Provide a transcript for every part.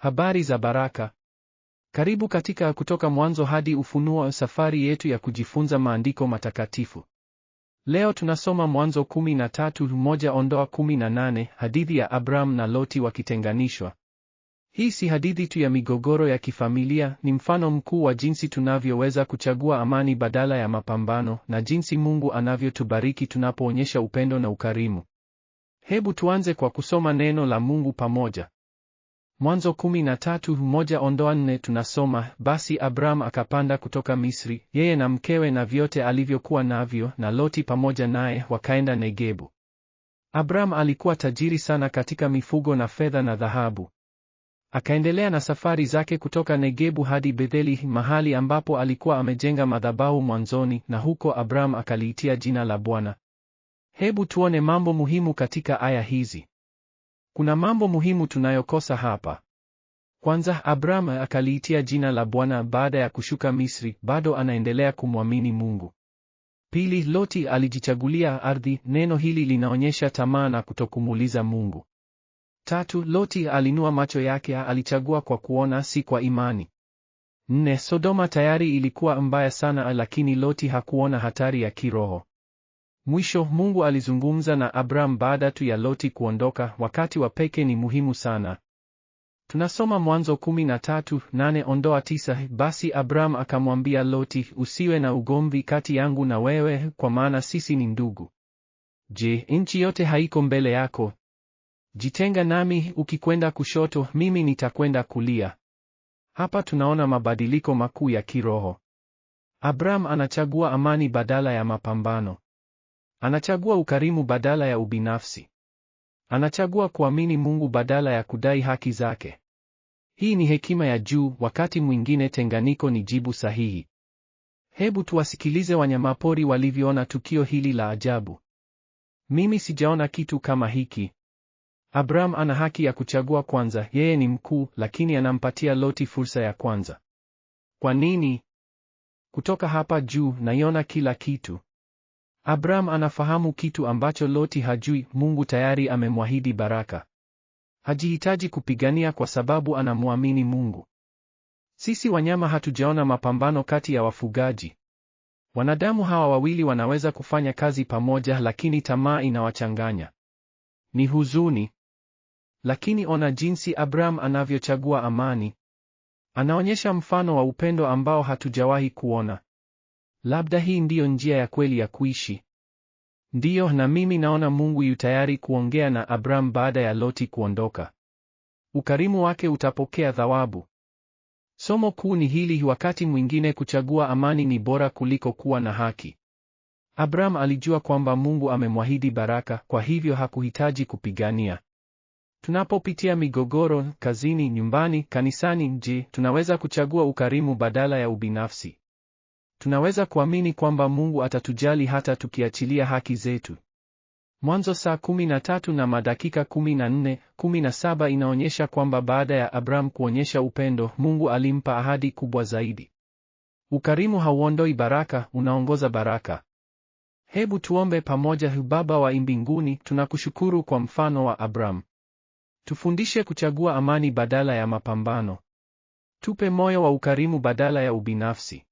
Habari za baraka. Karibu katika Kutoka Mwanzo hadi Ufunuo, safari yetu ya kujifunza maandiko matakatifu. Leo tunasoma Mwanzo 13 moja ondoa 18, hadithi ya Abraham na Loti wakitenganishwa. Hii si hadithi tu ya migogoro ya kifamilia, ni mfano mkuu wa jinsi tunavyoweza kuchagua amani badala ya mapambano na jinsi Mungu anavyotubariki tunapoonyesha upendo na ukarimu. Hebu tuanze kwa kusoma neno la Mungu pamoja. Mwanzo kumi na tatu moja ondoa nne tunasoma, basi abram akapanda kutoka Misri, yeye na mkewe na vyote alivyokuwa navyo, na Loti pamoja naye, wakaenda Negebu. Abram alikuwa tajiri sana katika mifugo na fedha na dhahabu. Akaendelea na safari zake kutoka Negebu hadi Betheli, mahali ambapo alikuwa amejenga madhabahu mwanzoni, na huko abram akaliitia jina la Bwana. Hebu tuone mambo muhimu katika aya hizi. Kuna mambo muhimu tunayokosa hapa. Kwanza, Abraham akaliitia jina la Bwana baada ya kushuka Misri, bado anaendelea kumwamini Mungu. Pili, Loti alijichagulia ardhi, neno hili linaonyesha tamaa na kutokumuuliza Mungu. Tatu, Loti alinua macho yake, alichagua kwa kuona, si kwa imani. Nne, Sodoma tayari ilikuwa mbaya sana, lakini Loti hakuona hatari ya kiroho. Mwisho Mungu alizungumza na Abram baada tu ya Loti kuondoka, wakati wa peke ni muhimu sana. Tunasoma Mwanzo kumi na tatu nane ondoa tisa. Basi Abram akamwambia Loti, usiwe na ugomvi kati yangu na wewe, kwa maana sisi ni ndugu. Je, nchi yote haiko mbele yako? Jitenga nami, ukikwenda kushoto, mimi nitakwenda kulia. Hapa tunaona mabadiliko makuu ya kiroho. Abram anachagua amani badala ya mapambano. Anachagua ukarimu badala ya ubinafsi. Anachagua kuamini Mungu badala ya kudai haki zake. Hii ni hekima ya juu, wakati mwingine tenganiko ni jibu sahihi. Hebu tuwasikilize wanyamapori walivyoona tukio hili la ajabu. Mimi sijaona kitu kama hiki. Abraham ana haki ya kuchagua kwanza, yeye ni mkuu, lakini anampatia Loti fursa ya kwanza. Kwa nini? Kutoka hapa juu naiona kila kitu. Abram anafahamu kitu ambacho Loti hajui, Mungu tayari amemwahidi baraka. Hajihitaji kupigania kwa sababu anamwamini Mungu. Sisi wanyama hatujaona mapambano kati ya wafugaji. Wanadamu hawa wawili wanaweza kufanya kazi pamoja, lakini tamaa inawachanganya. Ni huzuni. Lakini ona jinsi Abram anavyochagua amani. Anaonyesha mfano wa upendo ambao hatujawahi kuona. Labda hii ndiyo njia ya kweli ya kuishi. Ndiyo, na mimi naona Mungu yu tayari kuongea na Abram baada ya Loti kuondoka. Ukarimu wake utapokea thawabu. Somo kuu ni hili: wakati mwingine kuchagua amani ni bora kuliko kuwa na haki. Abram alijua kwamba Mungu amemwahidi baraka, kwa hivyo hakuhitaji kupigania. Tunapopitia migogoro kazini, nyumbani, kanisani, je, tunaweza kuchagua ukarimu badala ya ubinafsi? Tunaweza kuamini kwamba Mungu atatujali hata tukiachilia haki zetu. Mwanzo saa kumi na tatu na madakika kumi na nne, kumi na saba inaonyesha kwamba baada ya Abraham kuonyesha upendo, Mungu alimpa ahadi kubwa zaidi. Ukarimu hauondoi baraka, unaongoza baraka. Hebu tuombe pamoja. Baba wa mbinguni, tunakushukuru kwa mfano wa Abraham. Tufundishe kuchagua amani badala ya mapambano. Tupe moyo wa ukarimu badala ya ubinafsi.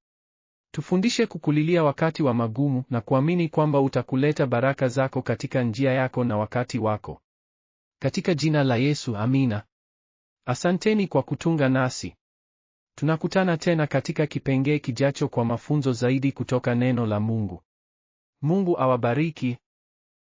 Tufundishe kukulilia wakati wa magumu na kuamini kwamba utakuleta baraka zako katika njia yako na wakati wako. Katika jina la Yesu, amina. Asanteni kwa kutunga nasi. Tunakutana tena katika kipengee kijacho kwa mafunzo zaidi kutoka neno la Mungu. Mungu awabariki.